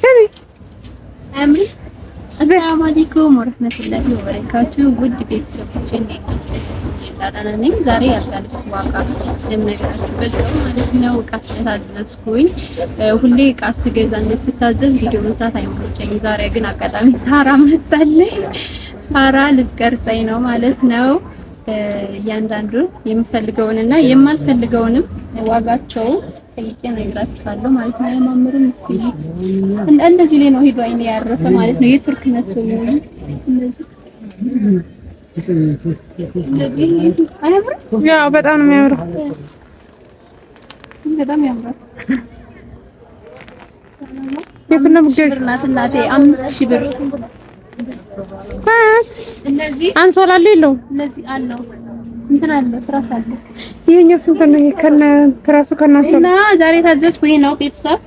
ስሚ አምሪ አሰላሙ አለይኩም ወረህመቱላሂ ወበረካቱ። ውድ ቤተሰቦች ዳዳና ነኝ። ዛሬ ያልጋልብስ ዋጋ የምነግራችሁ በዛው ማለት ነው። እቃ ስለታዘዝኩኝ ሁሌ እቃ ስገዛ እንደት ስታዘዝ ቪዲዮ መስራት አይመቸኝም። ዛሬ ግን አጋጣሚ ሳራ መጣለኝ። ሳራ ልትቀርጸኝ ነው ማለት ነው እያንዳንዱን የምፈልገውንና የማልፈልገውንም ዋጋቸው ጠይቄ ነግራችኋለሁ ማለት ነው። ያማምሩ ምስኪን እንደዚህ ላይ ነው ሄዶ አይኔ ያረፈ ማለት ነው። የቱርክ ነቶ ያው በጣም ነው የሚያምረው። በጣም ያምራል። የቱን ነው እናቴ አምስት ሺህ ብር አንሶላ አለ የለው? ይሄኛው ስንት ነው? ከነ ትራሱ ከነ አንሶላ እና ዛሬ ታዘዝኩ። ይሄ ነው ቤተሰብ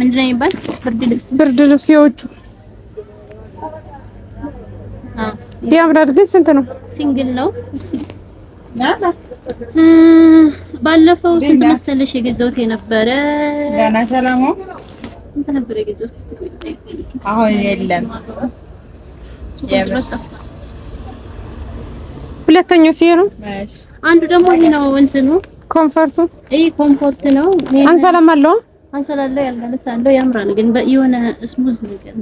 ምንድን ነው የሚባል ብርድ ልብስ፣ ብርድ ልብስ የውጭ ያምራል። ግን ስንት ነው? ሲንግል ነው። ባለፈው ስንት መሰለሽ የገዛሁት የነበረ ነበር የገዛሁት። አሁን የለም። ሁለተኛው ሲሄ ነው። አንዱ ደግሞ ይሄ ነው እንትኑ ኮምፎርቱ። ይሄ ኮምፎርት ነው። አንሶላም አለው አንሶላለው ያልገለሰ አለው። ያምራል ግን የሆነ ስሙዝ ነገር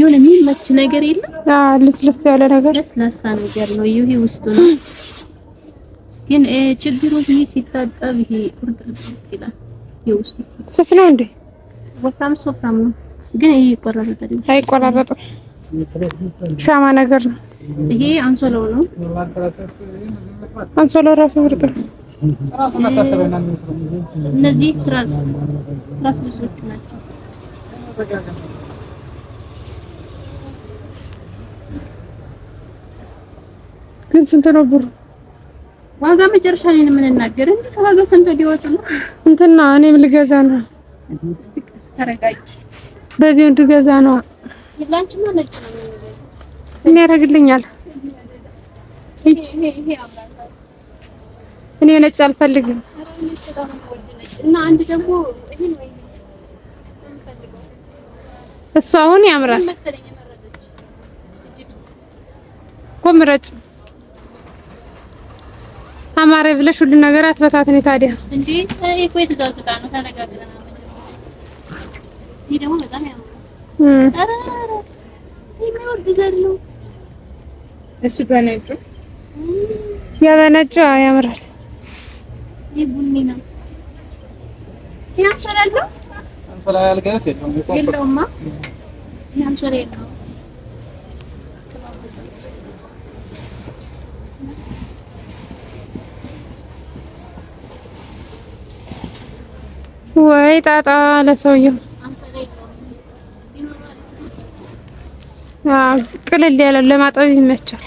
የሆነ የሚመች ነገር የለም። አዎ ልስልስ ያለ ነገር ለስላሳ ነገር ነው። ይሄ ውስጡ ነው ግን ችግሩ ይሄ ሲታጠብ ይሄ ቁርጥርጥ ይላል። ይሄ ውስጡ ስስ ነው እንዴ? ወፍራም ወፍራም ነው ግን ይሄ ይቆራረጣል። አይቆራረጥም፣ ሻማ ነገር ነው። ይሄ አንሶላው ነው። አንሶላው ራሱ ምርጥ ነው። እነዚህ ትራስ ትራስ ልብሶች ናቸው። ግን ስንት ነው ብሩ? ዋጋ መጨረሻ ላይ ነው የምንናገር እንዴ? ዋጋ ስንት ሊወጡ ነው? እንትና እኔም ልገዛ ነው። ተረጋጊ። በዚህ ወንድ ገዛ ነው ላንቺማ ነጭ ነው ያደርግልኛል? እቺ እኔ ነጭ አልፈልግም። እና አንድ ደግሞ እሱ አሁን ያምራል እኮ ምረጭ አማረ ብለሽ ሁሉ ነገር አትበታትኔ ታዲያ እንዴ? እኮ የተዛዝቃ ነው። ተነጋግረናል ይሄ ደግሞ በጣም ያምራል። ኧረ የሚወርድ ዘር እሱ። በነጩ ያ በነጩ ያምራል። ይሄ ቡኒ ነው። ወይ ጣጣ ለሰውየው ቅልል ያለ ለማጠብ ይመቻል።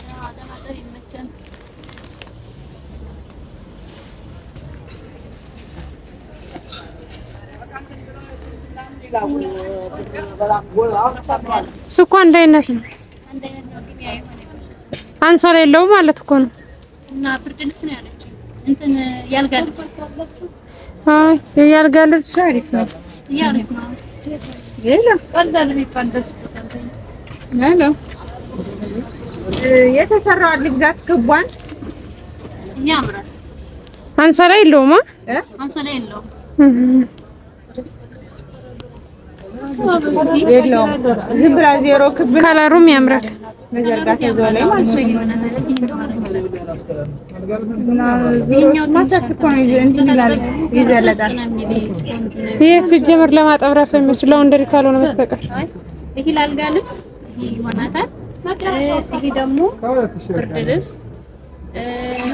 ስኳ አንድ አይነት ነው። አንሶላ የለውም ማለት እኮ ነው። እና ብርድ ልብስ ነው ያለችው። እንትን ያልጋ ልብስ አይ ያልጋ ልብስ አሪፍ ነው። ሄሎ የተሰራው ልግዛት ክቧን ያምራል። አንሶላ የለውም የለውም ዝም ብላ ዜሮ ክብ ከለሩም ያምራል። ይህ ሲጀምር ለማጠብ ራሱ የሚችል ላውንደሪ ካልሆነ በስተቀር ይሄ ላልጋ ልብስ ይሆናታል። ይሄ ደግሞ ብርድ ልብስ፣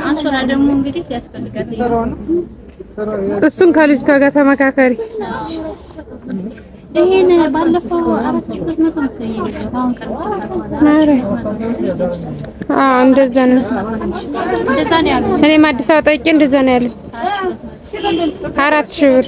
አንሶላ ደግሞ እንግዲህ ያስፈልጋል። እሱን ከልጅቷ ጋር ተመካከሪ። ይሄን ባለፈው አራት ሺህ እንደዛ ነው እኔም አዲስ አበባ ጠይቄ እንደዛ ነው ያለው። አራት ሺህ ብር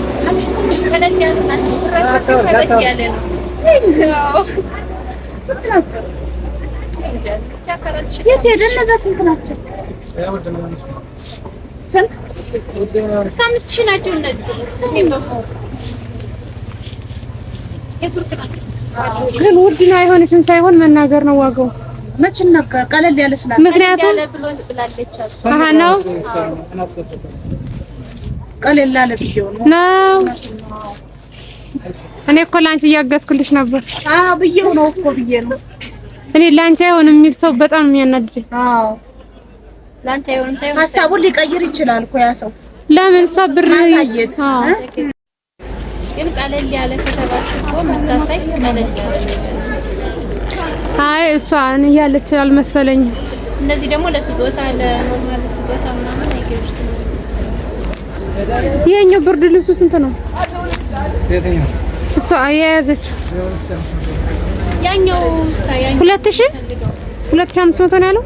የት ሄደ? እነዛ ስንት ናቸው? ስንት እስከ አምስት ሺህ ናቸው። እነዚህ ግን ውድ ነው አይሆንሽም፣ ሳይሆን መናገር ነው ዋጋው መች ነገር ቀለል ያለ ስላለ ምክንያቱም ቀለል ቪዲዮ ነው። እኔ እኮ ላንቺ እያገዝኩልሽ ነበር። አዎ ብዬው ነው እኮ ብዬ ነው። እኔ አይሆንም የሚል ሰው በጣም አዎ አይሆንም ሳይሆን ሀሳቡን ሊቀይር ይችላል እኮ ያ ሰው። ለምን እሷ ብር አዎ ግን ቀለል ያለ ከተባልሽ እኮ የምታሳይ ቀለል ያለ አይ እሷ እኔ ያለች አልመሰለኝም። እነዚህ ደግሞ ለስጦታ ለኖርማል ስጦታ ምናምን አይገርሽም ይሄኛው ብርድ ልብሱ ስንት ነው? እሷ የያዘችው ያኛው ሁለት ሺህ አምስት መቶ ነው ያለው።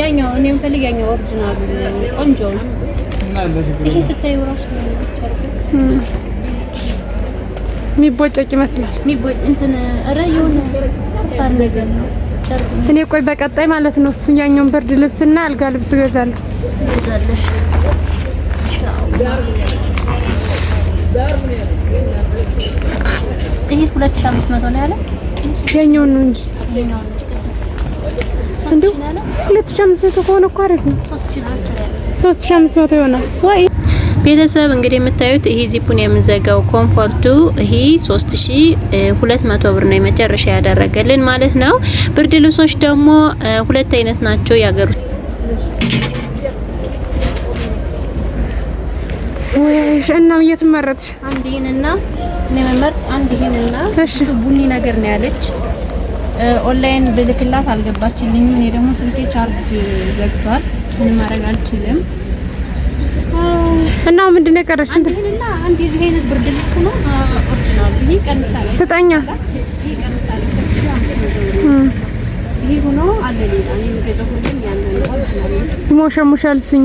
ያኛው ነው። የሚቦጨቅ ይመስላል። ነገር ነው። እኔ ቆይ በቀጣይ ማለት ነው እሱ ያኛውን ብርድ ልብስና አልጋ ልብስ እገዛለሁ። ትሄዳለሽ ይሄ ሁለት ሺህ አምስት መቶ ነው ያለ የእኛውን ነው እንጂ እንደው ሁለት ሺህ አምስት መቶ ከሆነ እኮ አሪፍ ነው። ሶስት ሺህ አምስት መቶ ይሆናል ወይ? ቤተሰብ እንግዲህ የምታዩት ይሄ ዚፑን የምንዘጋው ኮምፎርቱ ይሄ 3200 ብር ነው የመጨረሻ ያደረገልን ማለት ነው። ብርድ ልብሶች ደግሞ ሁለት አይነት ናቸው ያገሩት ወይሽ እና የቱን መረጥሽ? አንድ ይሄንና እኔ መመርጥ አንድ ይሄንና እሺ፣ ቡኒ ነገር ነው ያለች። ኦንላይን ብልክላት አልገባችልኝም። እኔ ደግሞ ስልኬ ቻርጅ ዘግቷል፣ ምን ማድረግ አልችልም። እና ምንድን ነው የቀረሽ? ስንት ይሄንና አንድ የዚህ አይነት ብርድ ልብስ ነው ኦሪጅናል። ይሄ ቀንሳል፣ ስጠኛ ይሄ ቀንሳል። ይሄ ሆኖ አለ ሌላ ነው የሚገዛው ሁሉም ያንን ኦፕሽናል ሞሸ ስኝ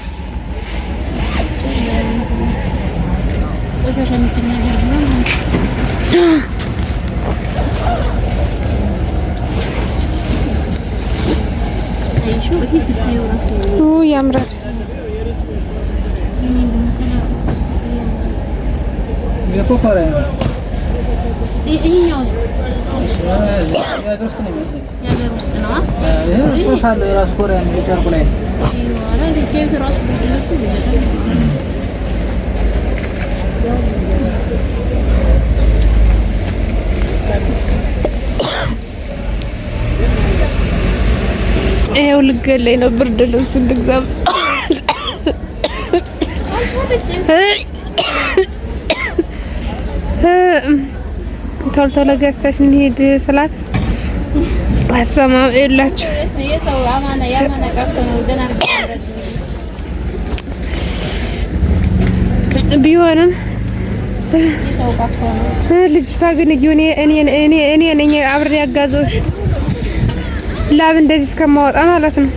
በገረመችን ነገር ብሏል። ያምራል። የሀገር ውስጥ ጽሑፍ አለው የራሱ ኮሪያ ነው ላይ ይሄው ልገለኝ ነው። ብርድ ልብስ ልግዛ። ቶሎ ቶሎ ገዝተሽ እንሂድ ስላት አሰማም የላችሁ ቢሆንም ልጅቷ ግን እኔ እኔ እኔ ነኝ አብሬ ያጋዘውሽ ላብ እንደዚህ እስከማወጣ ማለት ነው።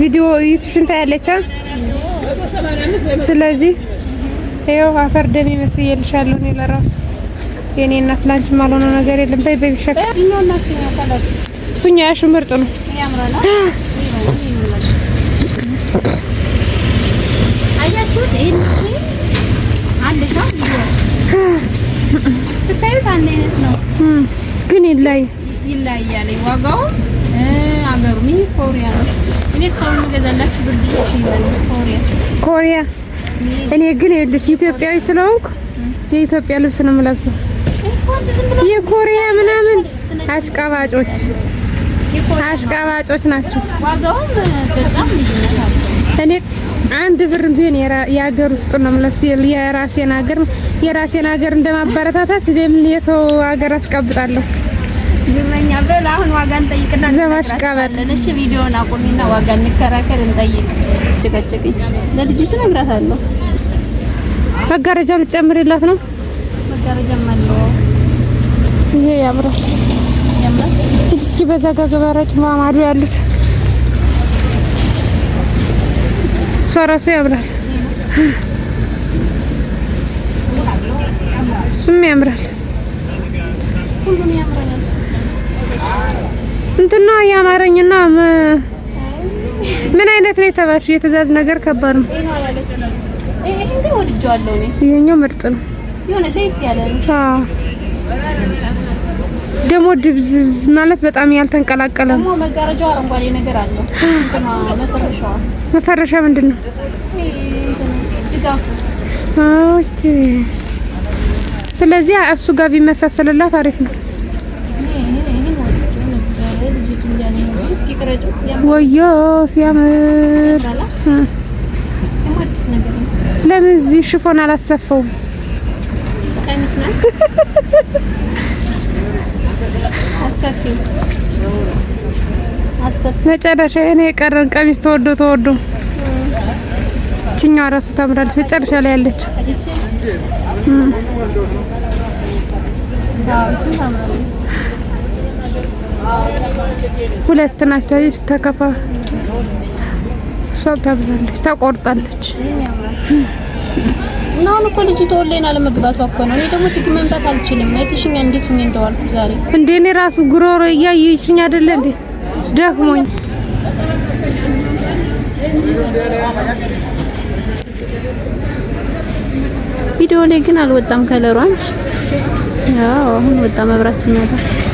ቪዲዮ ዩቲዩብሽን ታያለች። ስለዚህ ይኸው አፈር ደም መስዬልሻለሁ። እኔ ለራሱ የኔ እናት ላንቺ ማልሆነው ነገር የለም። በይ በይ ሸክ እሱኛ ያሹ ምርጥ ነው። ስታዩት ግን ይለያል ይለያል ዋጋው አገሩ ምን ኮሪያ ነው። እኔ እስካሁን የምገዛላችሁ ብርድ ኮሪያ ኮሪያ። እኔ ግን ይኸውልሽ ኢትዮጵያዊ ስለሆንኩ የኢትዮጵያ ልብስ ነው የምለብሰው። የኮሪያ ምናምን አሽቃባጮች አሽቃባጮች ናቸው። ዋጋውም በጣም ልዩነት አለ። እኔ አንድ ብር ቢሆን የሀገር ውስጥ ነው ምለስ የራሴን ሀገር የራሴን ሀገር እንደማበረታታት ለምን የሰው ሀገር አስቀብጣለሁ? ዝመኛ በል አሁን ዋጋ እንጠይቅና ዘማሽቀበል እሺ፣ ቪዲዮውን አቁሚና ዋጋ እንከራከር እንጠይቅ። ለልጅቱ እነግራታለሁ። መጋረጃ ልጨምርላት ነው። መጋረጃ ይሄ ያምራል። እስኪ በዛ ጋር ማማዱ ያሉት እሷ ራሱ ያምራል፣ እሱም ያምራል። እንትና ያማረኝና ምን አይነት ነው የተባልሽ? የትእዛዝ ነገር ከባድ ነው። ይሄኛው ምርጥ ነው። ደግሞ ድብዝዝ ማለት በጣም ያልተንቀላቀለ ነው። መጋረጃው አረንጓዴ ነገር አለው። መፈረሻ ምንድን ነው? ኦኬ። ስለዚህ እሱ ጋር ቢመሳሰልላት አሪፍ ነው። ወዮ ሲያምር! ለምን እዚህ ሽፎን አላሰፈውም? መጨረሻ እኔ የቀረን ቀሚስ ተወዶ ተወዶ እችኛዋ ራሱ ታምራለች። መጨረሻ ላይ ያለችው ሁለት ናቸው። አየሽ ተከፋ እሷ ታምራለች፣ ተቆርጣለች። እና አሁን እኮ ልጅ ተወለና ለመግባቷ እኮ ነው። እኔ ደግሞ ትግ መምጣት አልችልም። አይተሽኛ እንዴት ምን እንደዋልኩ ዛሬ እንዴ እኔ ራሱ ጉሮሮ እያየሽኝ አይደለ እንዴ? ደክሞኝ ቪዲዮ ላይ ግን አልወጣም ከለሯ። አዎ አሁን ወጣ መብራት ሲመጣ